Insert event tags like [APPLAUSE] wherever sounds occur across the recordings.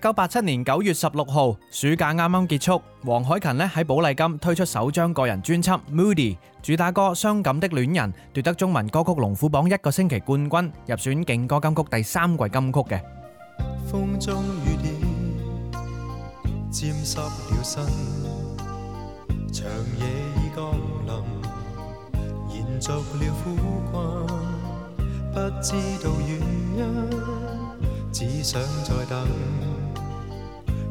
一九八七年九月十六號，暑假啱啱結束，黃凱芹，呢喺寶麗金推出首張個人專輯《Moody》，主打歌《傷感的戀人》奪得中文歌曲龍虎榜一個星期冠軍，入選勁歌金曲第三季金曲嘅。風中雨點，沾濕了身，長夜已降臨，延續了苦困，不知道原因，只想再等。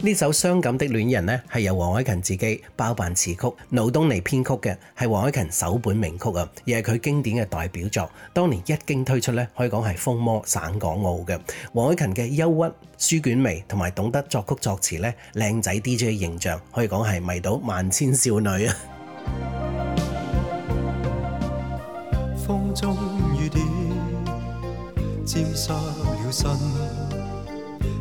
呢首傷感的戀人呢，係由黃凱芹自己包辦詞曲、盧東尼編曲嘅，係黃凱芹首本名曲啊，亦係佢經典嘅代表作。當年一經推出呢，可以講係風魔省港澳嘅。黃凱芹嘅憂鬱書卷味，同埋懂得作曲作詞呢，靚仔 DJ 形象，可以講係迷倒萬千少女啊！風中雨點，沾濕了身。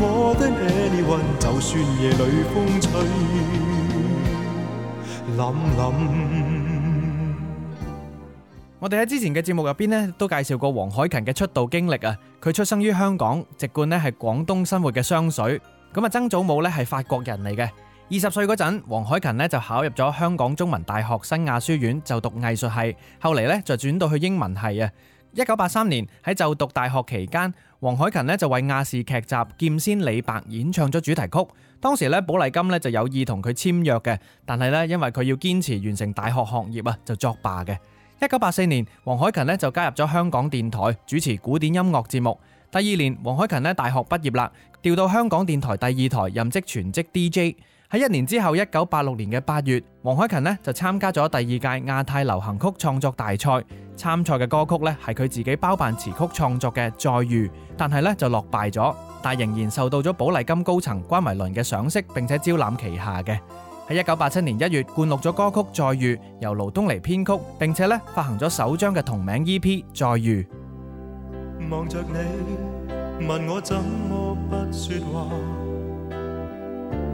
anyone，就算夜裏風吹凜凜。我哋喺之前嘅節目入邊咧，都介紹過黃凱芹嘅出道經歷啊。佢出生於香港，籍貫咧係廣東生活嘅雙水。咁啊，曾祖母咧係法國人嚟嘅。二十歲嗰陣，黃凱芹咧就考入咗香港中文大學新亞書院，就讀藝術系，後嚟咧就轉到去英文系啊。一九八三年喺就讀大學期間，黃凱芹咧就為亞視劇集《劍仙李白》演唱咗主題曲。當時咧，寶麗金咧就有意同佢簽約嘅，但係咧因為佢要堅持完成大學學業啊，就作罷嘅。一九八四年，黃凱芹咧就加入咗香港電台主持古典音樂節目。第二年，黃凱芹咧大學畢業啦，調到香港電台第二台任職全職 DJ。喺一年之後，一九八六年嘅八月，黃凱芹呢就參加咗第二屆亞太流行曲創作大賽，參賽嘅歌曲呢係佢自己包辦詞曲創作嘅《再遇》，但係呢就落敗咗，但仍然受到咗寶麗金高層關維倫嘅賞識，並且招攬旗下嘅。喺一九八七年一月，灌錄咗歌曲《再遇》，由盧東尼編曲，並且呢發行咗首張嘅同名 EP《再遇》。望着你，問我怎麼不說話？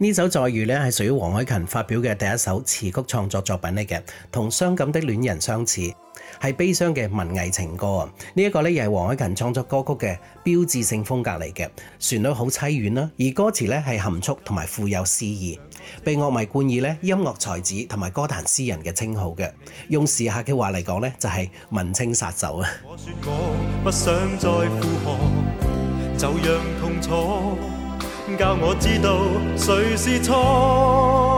呢首《再遇》呢係屬於黃凱芹發表嘅第一首詞曲創作作品嚟嘅，同傷感的戀人相似。係悲傷嘅文藝情歌啊！呢一個呢，又係黃凱芹創作歌曲嘅標誌性風格嚟嘅，旋律好凄怨啦，而歌詞呢，係含蓄同埋富有詩意，被樂迷冠以咧音樂才子同埋歌壇詩人嘅稱號嘅。用時下嘅話嚟講呢，就係文青殺手啊！我說我不想再負荷就讓痛楚教我知道誰是錯，是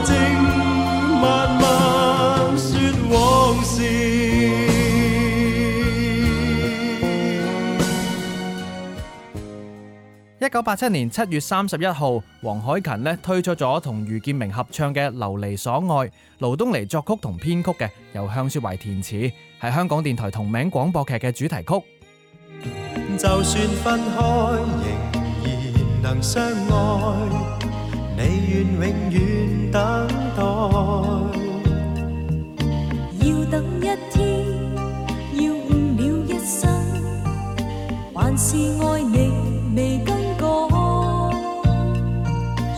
一九八七年七月三十一號，黃凱芹咧推出咗同余劍明合唱嘅《流離所愛》，盧東尼作曲同編曲嘅，由向雪懷填詞，係香港電台同名廣播劇嘅主題曲。就算分開，仍然能相愛。你願永遠等待？要等一天，要誤了一生，還是愛你未夠。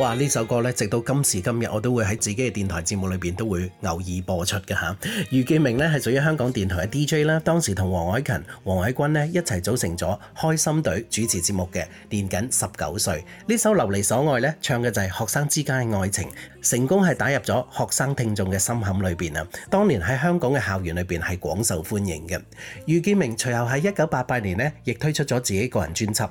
哇！呢首歌咧，直到今時今日，我都會喺自己嘅電台節目裏邊都會偶爾播出嘅嚇。余劍明咧係屬於香港電台嘅 DJ 啦，當時同黃凱芹、黃凱君咧一齊組成咗《開心隊》主持節目嘅，年僅十九歲。呢首《流離所愛》咧唱嘅就係、是、學生之間嘅愛情，成功係打入咗學生聽眾嘅心坎裏邊啊！當年喺香港嘅校園裏邊係廣受歡迎嘅。余劍明隨後喺一九八八年咧，亦推出咗自己個人專輯。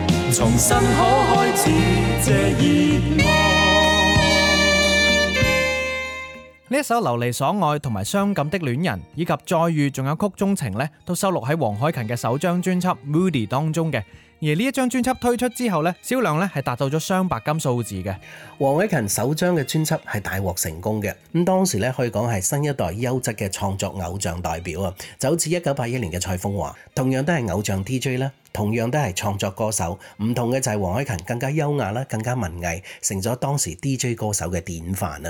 新始，呢一首《流離所愛》同埋傷感的戀人，以及再遇，仲有曲中情呢，都收錄喺黃凱芹嘅首張專輯《Moody》當中嘅。而這張專輯推出之後咧，銷量達到了雙白金數字嘅。黃凱芹首張嘅專輯係大獲成功的當時咧可以講係新一代優質嘅創作偶像代表啊，就好似一九八一年嘅蔡楓華，同樣都係偶像 DJ 同樣都係創作歌手。唔同嘅就係黃凱芹更加優雅更加文藝，成咗當時 DJ 歌手的典範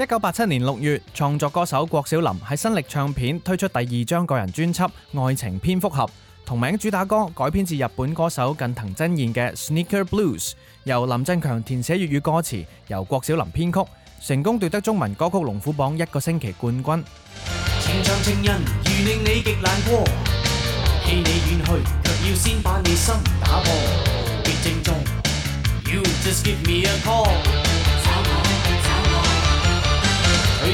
一九八七年六月，創作歌手郭小霖喺新力唱片推出第二張個人專輯《愛情蝙蝠俠》，同名主打歌改編自日本歌手近藤真彥嘅《Sneaker Blues》，由林振強填寫粵語歌詞，由郭小霖編曲，成功奪得中文歌曲龍虎榜一個星期冠軍。情像情人，如令你極難過，棄你遠去，卻要先把你心打破。結正正，You just give me a call。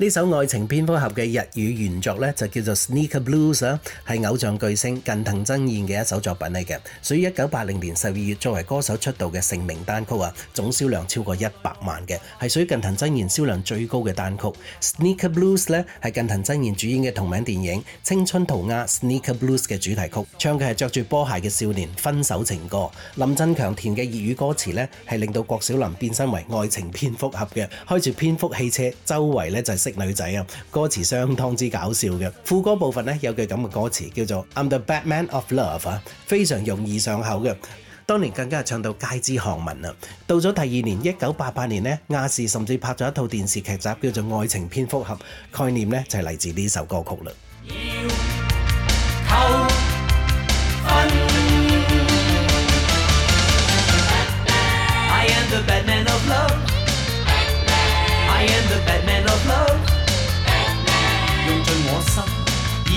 呢首愛情蝙蝠俠嘅日語原作呢，就叫做《Sneaker Blues》啊，係偶像巨星近藤真彥嘅一首作品嚟嘅。屬於一九八零年十二月作為歌手出道嘅成名單曲啊，總銷量超過一百萬嘅，係屬於近藤真彥銷量最高嘅單曲《Sneaker Blues》呢，係近藤真彥主演嘅同名電影《青春塗鴉》《Sneaker Blues》嘅主題曲，唱嘅係著住波鞋嘅少年分手情歌。林振強填嘅粵語歌詞呢，係令到郭小霖變身為愛情蝙蝠俠嘅，開住蝙蝠汽車，周圍呢就係女仔啊，歌詞相當之搞笑嘅。副歌部分咧，有句咁嘅歌詞叫做 I'm the Batman of Love 啊，非常容易上口嘅。當年更加係唱到街知巷聞啊。到咗第二年，一九八八年咧，亞視甚至拍咗一套電視劇集，叫做《愛情蝙蝠俠》，概念咧就係嚟自呢首歌曲啦。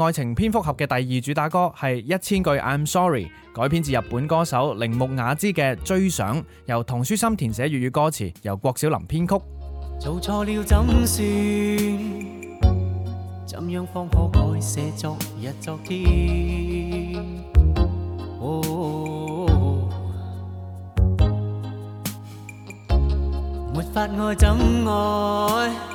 愛情蝙蝠俠嘅第二主打歌係一千句 I'm Sorry，改編自日本歌手鈴木雅之嘅《追想》，由唐書琛填寫粵語歌詞，由郭小霖編曲。做錯了怎算？怎樣方可改寫昨日昨天 oh oh oh oh oh。沒法愛怎愛？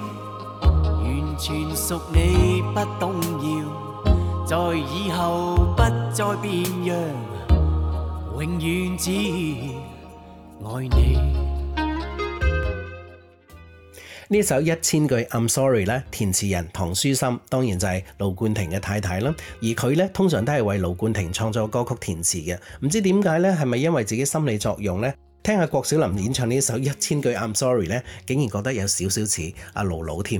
全屬你不動搖，在以後不再變樣，永遠只愛你。呢首《一千句 I'm Sorry》呢，填詞人唐書琛，當然就係盧冠廷嘅太太啦。而佢呢，通常都係為盧冠廷創作歌曲填詞嘅。唔知點解呢，係咪因為自己心理作用呢？聽下郭小霖演唱呢首《一千句 I'm Sorry》呢，竟然覺得有少少似阿盧老添。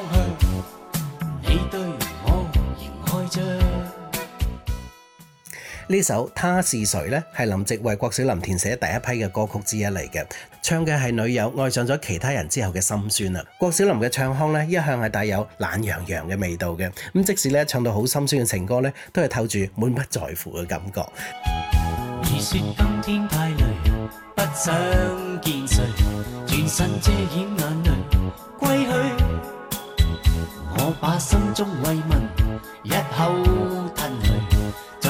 呢首他是誰呢，係林夕為郭小霖填寫第一批嘅歌曲之一嚟嘅，唱嘅係女友愛上咗其他人之後嘅心酸啊！郭小霖嘅唱腔呢，一向係帶有懶洋洋嘅味道嘅，咁即使呢唱到好心酸嘅情歌呢，都係透住滿不在乎嘅感覺你說今天。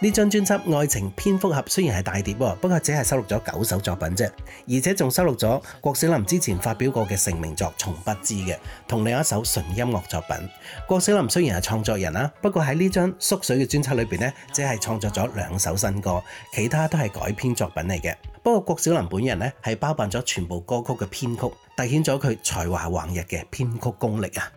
呢張專輯《愛情蝙蝠俠》雖然係大碟，不過只係收錄咗九首作品啫，而且仲收錄咗郭小霖之前發表過嘅成名作《從不知》嘅，同另一首純音樂作品。郭小霖雖然係創作人啦，不過喺呢張縮水嘅專輯裏邊呢，只係創作咗兩首新歌，其他都係改編作品嚟嘅。不過郭小霖本人呢，係包辦咗全部歌曲嘅編曲，凸顯咗佢才華橫溢嘅編曲功力啊！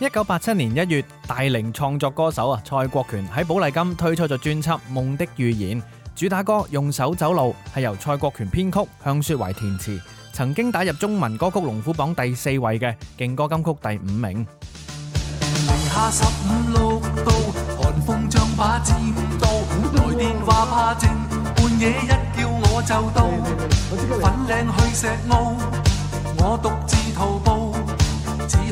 一九八七年一月，大齡創作歌手啊蔡國權喺寶麗金推出咗專輯《夢的預言》，主打歌《用手走路》係由蔡國權編曲，向雪懷填詞，曾經打入中文歌曲龍虎榜第四位嘅勁歌金曲第五名。零下十五六度，寒風像把尖刀，來電話怕靜，半夜一叫我就到，粉嶺去石澳，我獨自徒步。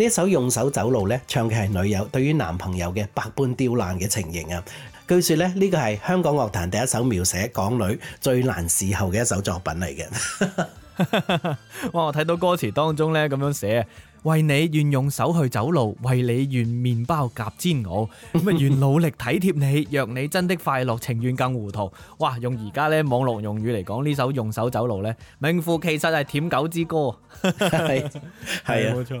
呢一首用手走路呢，唱嘅係女友對於男朋友嘅百般刁難嘅情形啊！據說呢，呢個係香港樂壇第一首描寫港女最難侍候嘅一首作品嚟嘅。哇！我睇到歌詞當中呢咁樣寫：為你願用手去走路，為你願麵包夾煎鵝，咁啊願努力體貼你，若你真的快樂，情願更糊塗。哇！用而家呢網絡用語嚟講，呢首用手走路呢名副其實係舔狗之歌。係係啊，冇錯。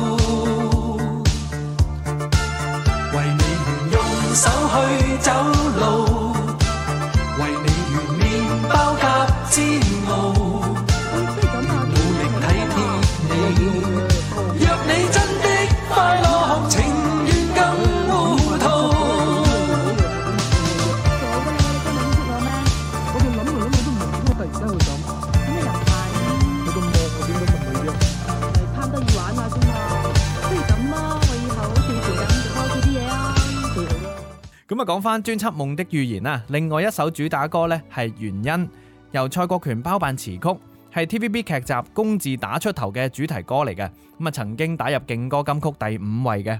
講翻專輯《夢的預言》啊，另外一首主打歌呢係《原因》，由蔡國權包辦詞曲，係 TVB 劇集《工字打出頭》嘅主題歌嚟嘅，咁啊曾經打入勁歌金曲第五位嘅。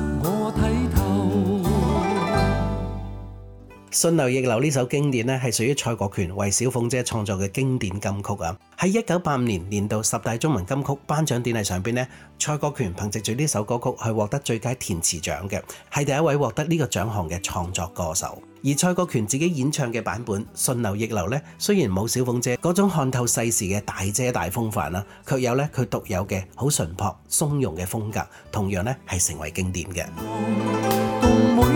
《順流逆流》呢首經典咧，係屬於蔡國權為小鳳姐創作嘅經典金曲啊！喺一九八五年年度十大中文金曲頒獎典禮上邊呢，蔡國權憑藉住呢首歌曲係獲得最佳填詞獎嘅，係第一位獲得呢個獎項嘅創作歌手。而蔡國權自己演唱嘅版本《順流逆流》咧，雖然冇小鳳姐嗰種看透世事嘅大姐大風範啦，卻有咧佢獨有嘅好淳樸、松容嘅風格，同樣咧係成為經典嘅。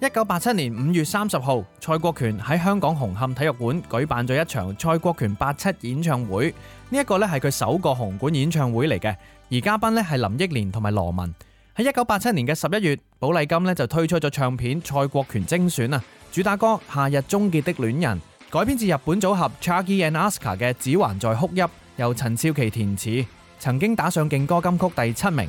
一九八七年五月三十號，蔡國權喺香港紅磡體育館舉辦咗一場蔡國權八七演唱會，呢一個咧係佢首個紅館演唱會嚟嘅，而嘉賓咧係林憶蓮同埋羅文。喺一九八七年嘅十一月，寶麗金咧就推出咗唱片《蔡國權精選》啊，主打歌《夏日終結的戀人》改編自日本組合 Chage and Aska 嘅《指環在哭泣》，由陳少琪填詞，曾經打上勁歌金曲第七名。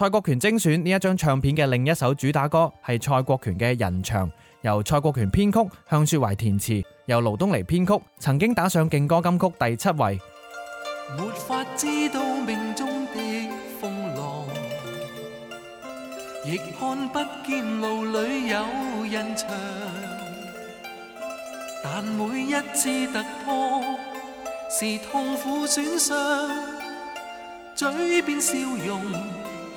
蔡國權精選呢一張唱片嘅另一首主打歌係蔡國權嘅《人牆》，由蔡國權編曲，向雪懷填詞，由盧東尼編曲，曾經打上勁歌金曲第七位。沒法知道命中的風浪，亦看不見路裡有人牆，但每一次突破是痛苦損傷，嘴邊笑容。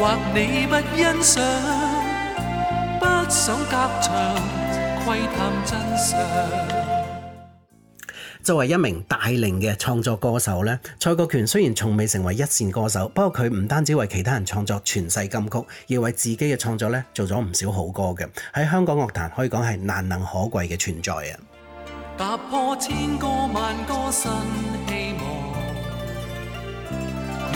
作為一名大齡嘅創作歌手呢，蔡國權雖然從未成為一線歌手，不過佢唔單止為其他人創作傳世金曲，亦為自己嘅創作咧做咗唔少好歌嘅，喺香港樂壇可以講係難能可貴嘅存在啊！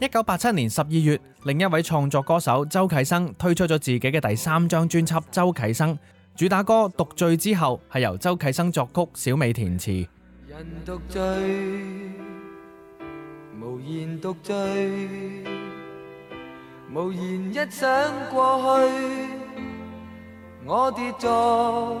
一九八七年十二月，另一位創作歌手周啟生推出咗自己嘅第三張專輯《周啟生》，主打歌《獨醉之後》係由周啟生作曲，小美填詞。人獨醉，無言獨醉，無言一想過去，我跌咗。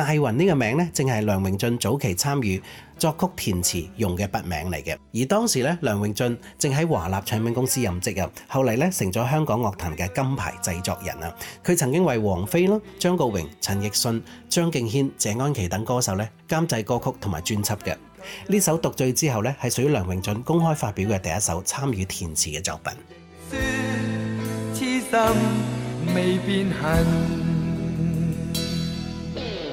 艾雲呢個名呢，正係梁榮駿早期參與作曲填詞用嘅筆名嚟嘅。而當時呢，梁榮駿正喺華納唱片公司任職啊。後嚟呢，成咗香港樂壇嘅金牌製作人啊。佢曾經為王菲咯、張國榮、陳奕迅、張敬軒、謝安琪等歌手咧監製歌曲同埋專輯嘅。呢首《獨醉之後》呢，係屬於梁榮駿公開發表嘅第一首參與填詞嘅作品。痴心未變恨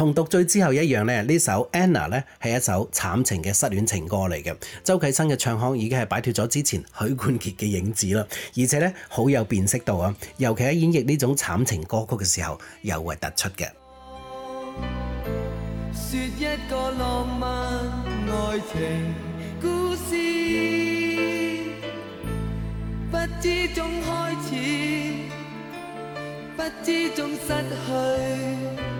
同《獨醉》之後一樣呢，呢首《Anna》呢係一首慘情嘅失戀情歌嚟嘅。周啟生嘅唱腔已經係擺脫咗之前許冠傑嘅影子啦，而且呢，好有辨識度啊！尤其喺演繹呢種慘情歌曲嘅時候，尤為突出嘅。說一個浪漫愛情故事，不知終開始，不知終失去。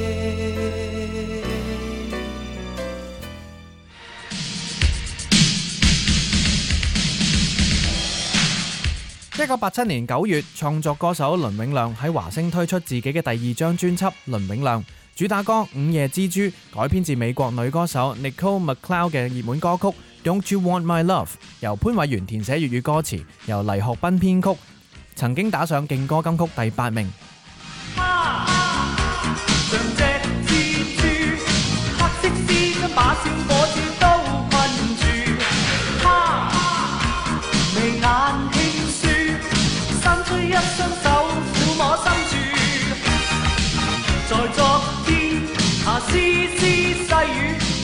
一九八七年九月，創作歌手倫永亮喺華星推出自己嘅第二張專輯《倫永亮》，主打歌《午夜蜘蛛》改編自美國女歌手 Nicole McLeod 嘅熱門歌曲《Don't You Want My Love》，由潘偉源填寫粵語歌詞，由黎學斌編曲，曾經打上勁歌金曲第八名。 [MUSIC]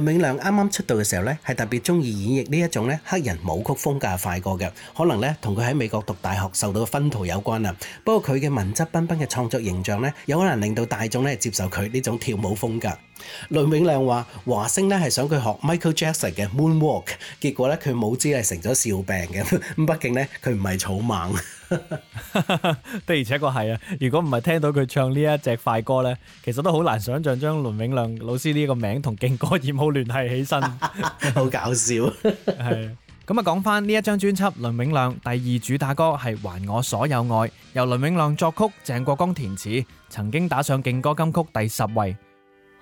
倫永亮啱啱出道嘅時候呢，係特別鍾意演繹呢一種黑人舞曲風格快歌嘅，可能呢，同佢喺美國讀大學受到嘅熏陶有關，不過佢嘅文質彬彬嘅創作形象呢有可能令到大眾接受佢呢種跳舞風格。倫永亮話華星咧係想佢學 Michael Jackson 嘅 Moonwalk，結果咧佢冇知係成咗笑柄嘅咁。畢竟咧佢唔係草蜢，的而且確係啊。如果唔係聽到佢唱呢一隻快歌咧，其實都好難想象將倫永亮老師呢個名同勁歌熱舞聯繫起身，好搞笑係咁啊！講翻呢一張專輯，倫永亮第二主打歌係《還我所有愛》，由倫永亮作曲，鄭國江填詞，曾經打上勁歌金曲第十位。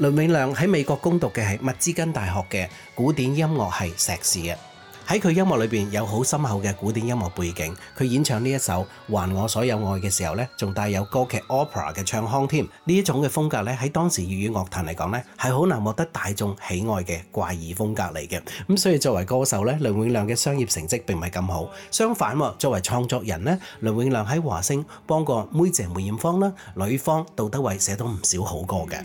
倫永亮喺美國攻讀嘅係密茲根大學嘅古典音樂系碩士。喺佢音樂裏邊有好深厚嘅古典音樂背景，佢演唱呢一首《還我所有愛》嘅時候呢，仲帶有歌劇 opera 嘅唱腔添。呢一種嘅風格呢，喺當時粵語樂壇嚟講呢，係好難獲得大眾喜愛嘅怪異風格嚟嘅。咁所以作為歌手呢，倫永亮嘅商業成績並唔係咁好。相反，作為創作人呢，倫永亮喺華星幫過梅姐梅艷芳啦、呂方杜德偉寫到唔少好歌嘅。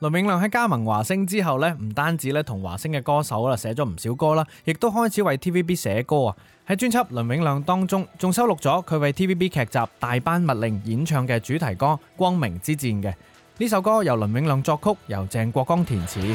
倫永亮喺加盟華星之後咧，唔單止咧同華星嘅歌手啦寫咗唔少歌啦，亦都開始為 TVB 寫歌啊！喺專輯《倫永亮》當中，仲收錄咗佢為 TVB 劇集《大班密令》演唱嘅主題歌《光明之戰》嘅呢首歌，由倫永亮作曲，由鄭國江填詞。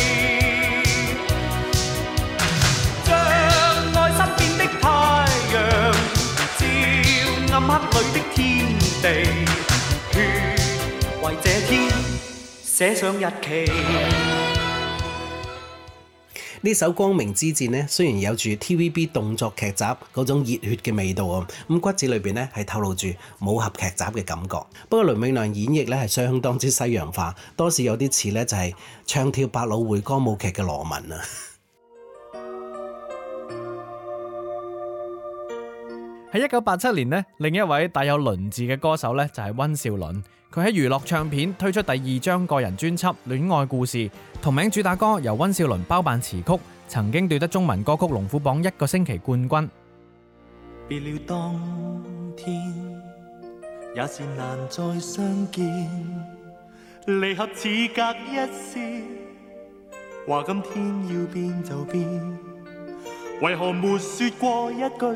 黑裏的天地，血為這天寫上日期。呢首《光明之戰》呢，雖然有住 TVB 動作劇集嗰種熱血嘅味道啊，咁骨子裏邊呢係透露住武俠劇集嘅感覺。不過倫永亮演繹呢係相當之西洋化，多時有啲似呢就係唱跳百老匯歌舞劇嘅羅文啊。喺一九八七年呢，另一位帶有“輪”字嘅歌手呢，就係溫兆倫。佢喺娛樂唱片推出第二張個人專輯《戀愛故事》，同名主打歌由溫兆倫包辦詞曲，曾經奪得中文歌曲龍虎榜一個星期冠軍。別了當天，也是難再相見，離合似隔一線，話今天要變就變，為何沒說過一句？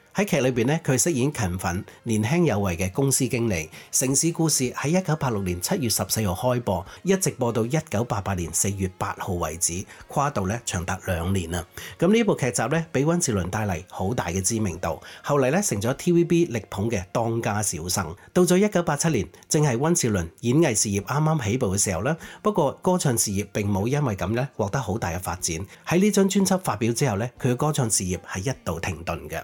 喺劇裏邊咧，佢飾演勤奮年輕有為嘅公司經理。城市故事喺一九八六年七月十四號開播，一直播到一九八八年四月八號為止，跨度咧長達兩年啦。咁呢部劇集咧，俾温兆倫帶嚟好大嘅知名度。後嚟咧，成咗 TVB 力捧嘅當家小生。到咗一九八七年，正係温兆倫演藝事業啱啱起步嘅時候啦。不過歌唱事業並冇因為咁咧獲得好大嘅發展。喺呢張專輯發表之後咧，佢嘅歌唱事業係一度停頓嘅。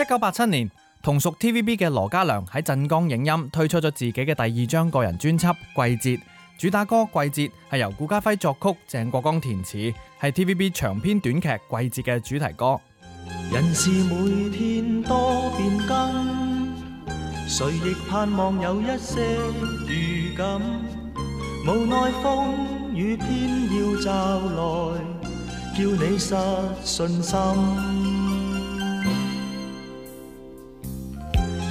一九八七年，同屬 TVB 嘅羅嘉良喺鎮江影音推出咗自己嘅第二張個人專輯《季節》，主打歌《季節》係由顧嘉輝作曲鄭、鄭國江填詞，係 TVB 長篇短劇《季節》嘅主題歌。人事每天多變更，誰亦盼望有一些預感，無奈風雨偏要驟來，叫你失信心。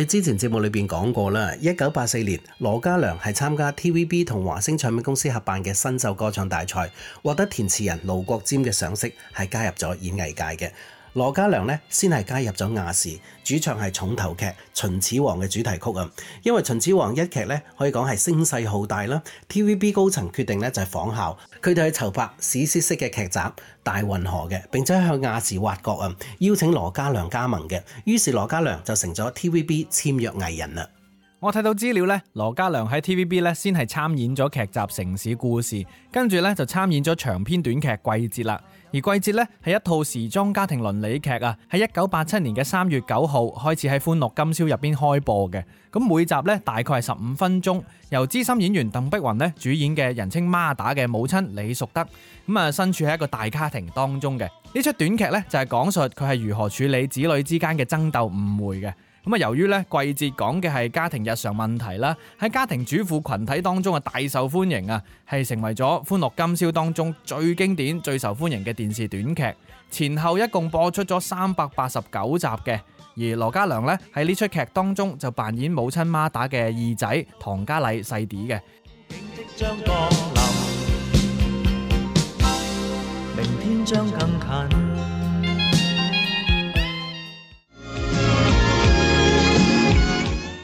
我之前節目裏面講過啦，一九八四年，羅嘉良係參加 TVB 同華星唱片公司合辦嘅新秀歌唱大賽，獲得填詞人盧國沾嘅賞識，係加入咗演藝界嘅。羅嘉良咧，先係加入咗亞視，主唱係重頭劇《秦始皇》嘅主題曲啊。因為《秦始皇》一劇咧，可以講係聲勢浩大啦。TVB 高層決定咧就係仿效，佢哋去籌拍史詩式嘅劇集《大運河》嘅，並且向亞視挖角啊，邀請羅嘉良加盟嘅。於是羅嘉良就成咗 TVB 簽約藝人啦。我睇到資料咧，羅嘉良喺 TVB 咧先係參演咗劇集《城市故事》，跟住咧就參演咗長篇短劇《季節》啦。而《季節》呢咧係一套時裝家庭倫理劇啊，喺一九八七年嘅三月九號開始喺《歡樂今宵》入邊開播嘅。咁每集呢大概係十五分鐘，由資深演員鄧碧雲呢主演嘅，人稱媽打嘅母親李淑德，咁啊身處喺一個大家庭當中嘅呢出短劇呢就係、是、講述佢係如何處理子女之間嘅爭鬥誤會嘅。咁啊，由於咧，季節講嘅係家庭日常問題啦，喺家庭主婦群體當中啊，大受歡迎啊，係成為咗歡樂今宵當中最經典、最受歡迎嘅電視短劇，前後一共播出咗三百八十九集嘅。而羅嘉良咧，喺呢出劇當中就扮演母親媽打嘅二仔唐家禮細弟嘅。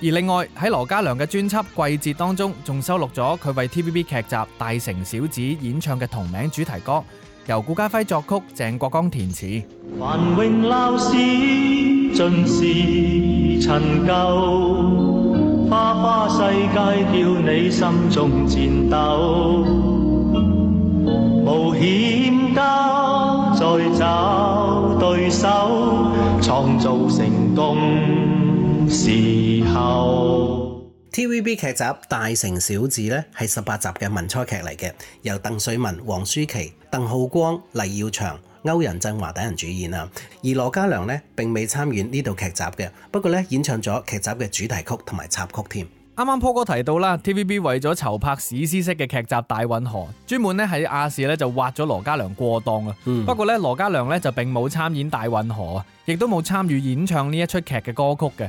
而另外喺羅嘉良嘅專輯《季節》當中，仲收錄咗佢為 TVB 劇集《大城小子》演唱嘅同名主題歌，由顧嘉煇作曲，鄭國江填詞。「繁榮鬧市盡是陳舊，花花世界叫你心中戰鬥，冒險家再找對手，創造成功。」時 T V B 劇集《大城小子》咧係十八集嘅民初劇嚟嘅，由鄧水文、黃舒琪、鄧浩光、黎耀祥、歐陽震華等人主演啊。而羅嘉良咧並未參演呢度劇集嘅，不過咧演唱咗劇集嘅主題曲同埋插曲添。啱啱 Paul 哥提到啦，T V B 為咗籌拍史詩式嘅劇集《大運河》，專門咧喺亞視咧就挖咗羅嘉良過檔啊。不過咧羅嘉良咧就並冇參演《大運河》啊，亦都冇參與演唱呢一出劇嘅歌曲嘅。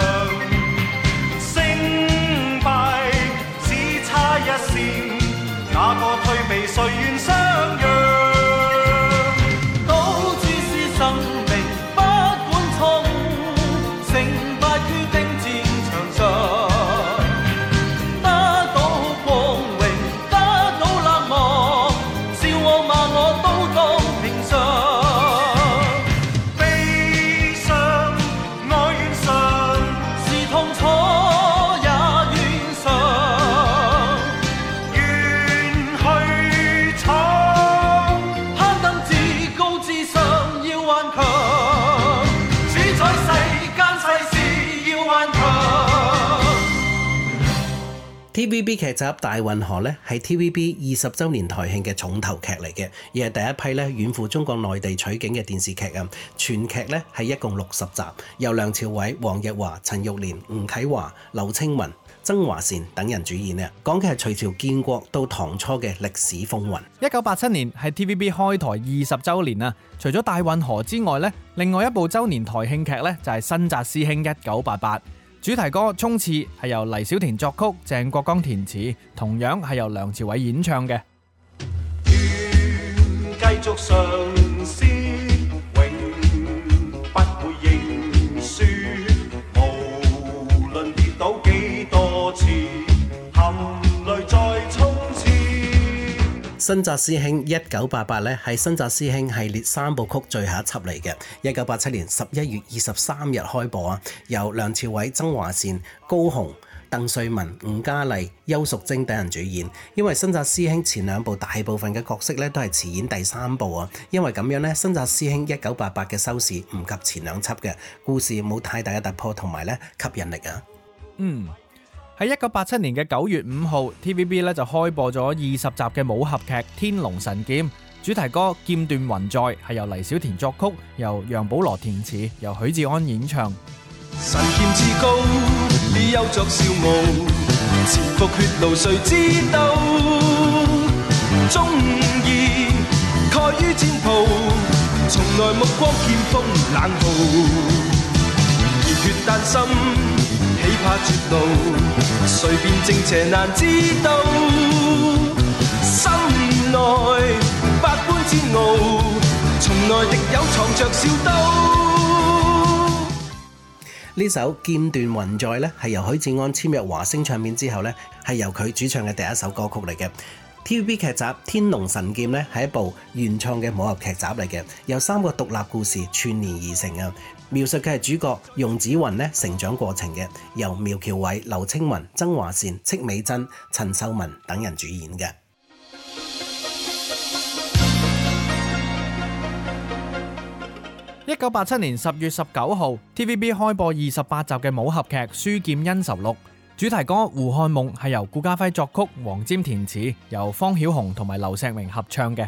TVB 劇集《大運河》咧係 TVB 二十周年台慶嘅重頭劇嚟嘅，而係第一批咧遠赴中國內地取景嘅電視劇啊！全劇咧係一共六十集，由梁朝偉、黃日華、陳玉蓮、吳啟華、劉青雲、曾華倩等人主演啊！講嘅係隋朝建國到唐初嘅歷史風雲。一九八七年係 TVB 開台二十周年啊！除咗《大運河》之外咧，另外一部周年台慶劇咧就係、是《新紮師兄一九八八》。主題歌《衝刺》係由黎小田作曲、鄭國江填詞，同樣係由梁朝偉演唱嘅。繼續上新紮師兄一九八八咧，係新紮師兄系列三部曲最後一輯嚟嘅。一九八七年十一月二十三日開播啊，由梁朝偉、曾華倩、高雄、鄧萃雯、吳家麗、邱淑貞等人主演。因為新紮師兄前兩部大部分嘅角色咧都係辭演第三部啊，因為咁樣咧，新紮師兄一九八八嘅收視唔及前兩輯嘅，故事冇太大嘅突破同埋咧吸引力啊。嗯。喺一九八七年嘅九月五號，TVB 咧就開播咗二十集嘅武俠劇《天龍神劍》，主題歌《劍斷魂在》係由黎小田作曲，由楊保羅填詞，由許志安演唱。便知道。呢首《劍斷魂在》呢，係由許志安簽約華星唱片之後呢，係由佢主唱嘅第一首歌曲嚟嘅。TVB 劇集《天龍神劍》呢，係一部原創嘅武俠劇集嚟嘅，由三個獨立故事串聯而成啊。描述嘅係主角楊子雲呢成長過程嘅，由苗僑偉、劉青雲、曾華倩、戚美珍、陳秀雯等人主演嘅。一九八七年十月十九號，TVB 開播二十八集嘅武俠劇《書劍恩仇錄》，主題歌《胡漢夢》係由顧嘉輝作曲、黃霑填詞，由方曉虹同埋劉錫明合唱嘅。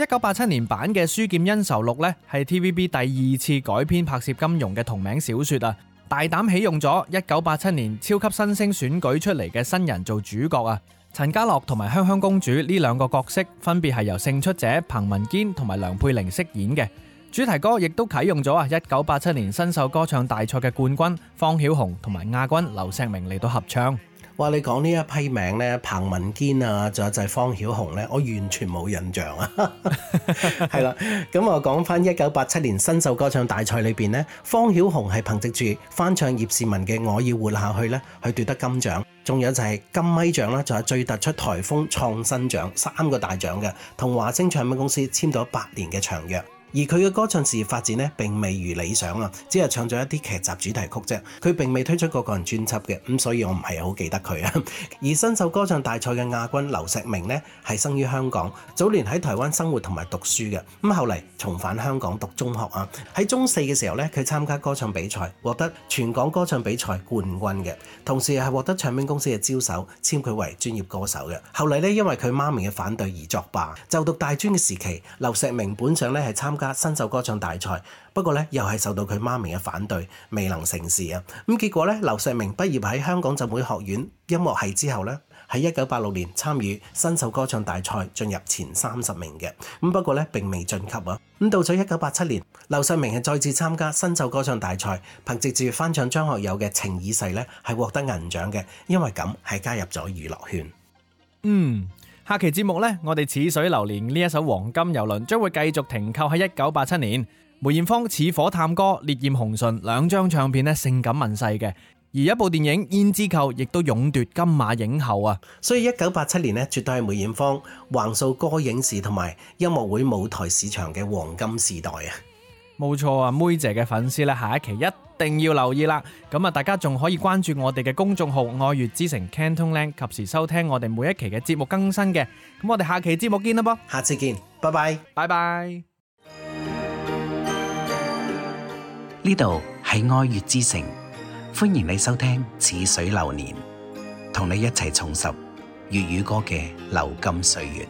一九八七年版嘅《書劍恩仇錄》咧，係 TVB 第二次改編拍攝金庸嘅同名小說啊！大膽起用咗一九八七年超級新星選舉出嚟嘅新人做主角啊！陳家樂同埋香香公主呢兩個角色，分別係由勝出者彭文堅同埋梁佩玲飾演嘅。主題歌亦都啟用咗啊！一九八七年新秀歌唱大賽嘅冠軍方曉虹同埋亞軍劉錫明嚟到合唱。哇！你講呢一批名呢，彭文堅啊，仲有就係方曉虹呢，我完全冇印象啊。係 [LAUGHS] 啦，咁我講返一九八七年新秀歌唱大賽裏面呢，方曉虹係憑藉住翻唱葉倩文嘅《我要活下去》咧，去奪得金獎。仲有就係金咪獎啦，仲有最突出颱風創新獎三個大獎嘅，同華星唱片公司簽咗八年嘅長約。而佢嘅歌唱事業發展呢，並未如理想啊，只係唱咗一啲劇集主題曲啫。佢並未推出過個人專輯嘅，咁所以我唔係好記得佢啊。 [LAUGHS] 而新秀歌唱大賽嘅亞軍劉錫明呢，係生於香港，早年喺台灣生活同埋讀書嘅，咁後嚟重返香港讀中學啊。喺中四嘅時候呢，佢參加歌唱比賽獲得全港歌唱比賽冠軍嘅，同時係獲得唱片公司嘅招手，簽佢為專業歌手嘅。後嚟呢，因為佢媽咪嘅反對而作罷，就讀大專嘅時期，劉錫明本想呢，係參加新秀歌唱大賽，不過咧又係受到佢媽咪嘅反對，未能成事啊！咁結果咧，劉錫明畢業喺香港浸會學院音樂系之後咧，喺一九八六年參與新秀歌唱大賽，進入前三十名嘅，咁不過咧並未晉級啊！咁到咗一九八七年，劉錫明係再次參加新秀歌唱大賽，憑借住翻唱張學友嘅《情已逝》咧，係獲得銀獎嘅，因為咁係加入咗娛樂圈。嗯。下期節目呢，我哋《似水流年》呢一首黃金遊輪將會繼續停靠喺一九八七年，梅艷芳《似火探歌》《烈焰紅唇》兩張唱片呢性感問世嘅，而一部電影《胭脂扣》亦都勇奪金馬影后啊！所以一九八七年絕對係梅艷芳橫掃歌、影視同埋音樂會舞台市場嘅黃金時代啊！冇錯啊，妹姐嘅粉絲咧，下一期一定要留意啦。咁啊，大家仲可以關注我哋嘅公眾號《愛粵之城 CantonLand》，及時收聽我哋每一期嘅節目更新嘅。咁我哋下期節目見啦，噃，下次見，拜拜，拜拜。呢度係愛粵之城，歡迎你收聽《似水流年》，同你一齊重拾粵語歌嘅流金歲月。